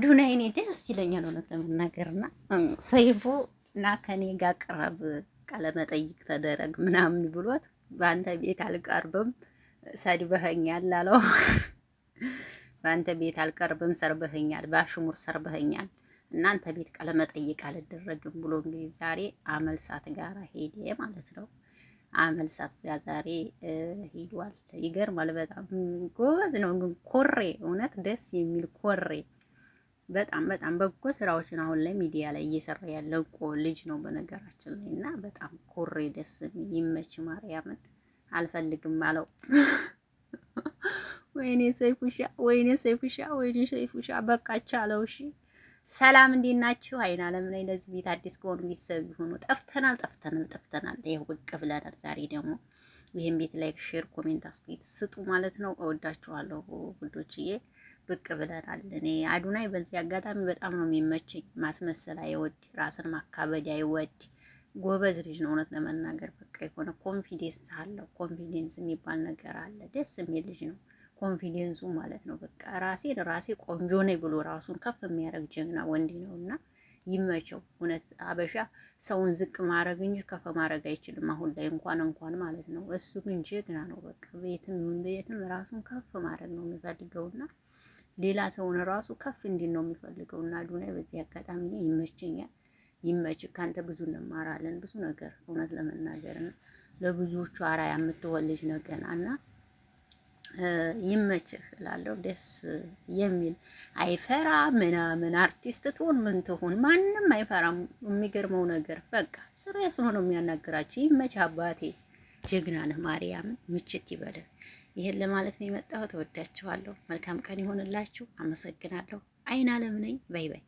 አዱናይ እኔ ደስ ይለኛል እውነት ለመናገርና ሰይፉ እና ከኔ ጋር ቅረብ ቃለመጠይቅ ተደረግ ምናምን ብሏት በአንተ ቤት አልቀርብም ሰድበኸኛል ላለው በአንተ ቤት አልቀርብም ሰርበኸኛል፣ በአሽሙር ሰርበኸኛል እናንተ ቤት ቃለመጠይቅ አልደረግም ብሎ እንግዲህ ዛሬ አመልሳት ጋር ሄደ ማለት ነው። አመልሳት ጋር ዛሬ ሂዷል። ይገርማል። በጣም ጎበዝ ነው ግን ኮሬ፣ እውነት ደስ የሚል ኮሬ በጣም በጣም በጎ ስራዎችን አሁን ላይ ሚዲያ ላይ እየሰራ ያለ እኮ ልጅ ነው በነገራችን ላይ እና በጣም ኮሬ ደስ የሚል ይመች። ማርያምን አልፈልግም አለው። ወይኔ ሰይፉሻ፣ ወይኔ ሰይፉሻ፣ ወይኔ ሰይፉሻ በቃቻ አለው። እሺ ሰላም እንዴት ናችሁ? አይን አለም ላይ ለዚህ ቤት አዲስ ከሆኑ ቤተሰብ ቢሆኑ ጠፍተናል፣ ጠፍተናል፣ ጠፍተናል። ይኸው ብቅ ብለናል። ዛሬ ደግሞ ይህም ቤት ላይክ፣ ሼር፣ ኮሜንት አስተያየት ስጡ ማለት ነው። እወዳችኋለሁ ውዶችዬ፣ ብቅ ብለናል። እኔ አዱናይ በዚህ አጋጣሚ በጣም ነው የሚመቸኝ። ማስመሰል አይወድ፣ ራስን ማካበድ አይወድ፣ ጎበዝ ልጅ ነው። እውነት ለመናገር በቃ የሆነ ኮንፊደንስ አለው። ኮንፊደንስ የሚባል ነገር አለ። ደስ የሚል ልጅ ነው። ኮንፊደንሱ ማለት ነው በቃ ራሴን ራሴ ቆንጆ ነኝ ብሎ ራሱን ከፍ የሚያደርግ ጀግና ወንድ ነው እና ይመቸው። እውነት አበሻ ሰውን ዝቅ ማድረግ እንጂ ከፍ ማድረግ አይችልም። አሁን ላይ እንኳን እንኳን ማለት ነው። እሱ ግን ጀግና ነው። በቃ ቤትም ይሁን ቤትም ራሱን ከፍ ማድረግ ነው የሚፈልገውና ሌላ ሰውን ራሱ ከፍ እንዲል ነው የሚፈልገውና ዱናይ በዚህ አጋጣሚ ላይ ይመቸኛል። ይመች ከአንተ ብዙ እንማራለን ብዙ ነገር እውነት ለመናገር ለብዙዎቹ አራ የምትወልጅ ነገና እና ይመችህ እላለሁ። ደስ የሚል አይፈራ ምናምን አርቲስት ትሁን ምን ትሆን ማንም አይፈራም። የሚገርመው ነገር በቃ ስራ የስኖ የሚያናግራቸው። ይመችህ አባቴ፣ ጀግና ነህ። ማርያምን ምችት ይበልህ። ይህን ለማለት ነው የመጣሁት። እወዳችኋለሁ። መልካም ቀን ይሆንላችሁ። አመሰግናለሁ። አይን አለም ነኝ። ባይ ባይ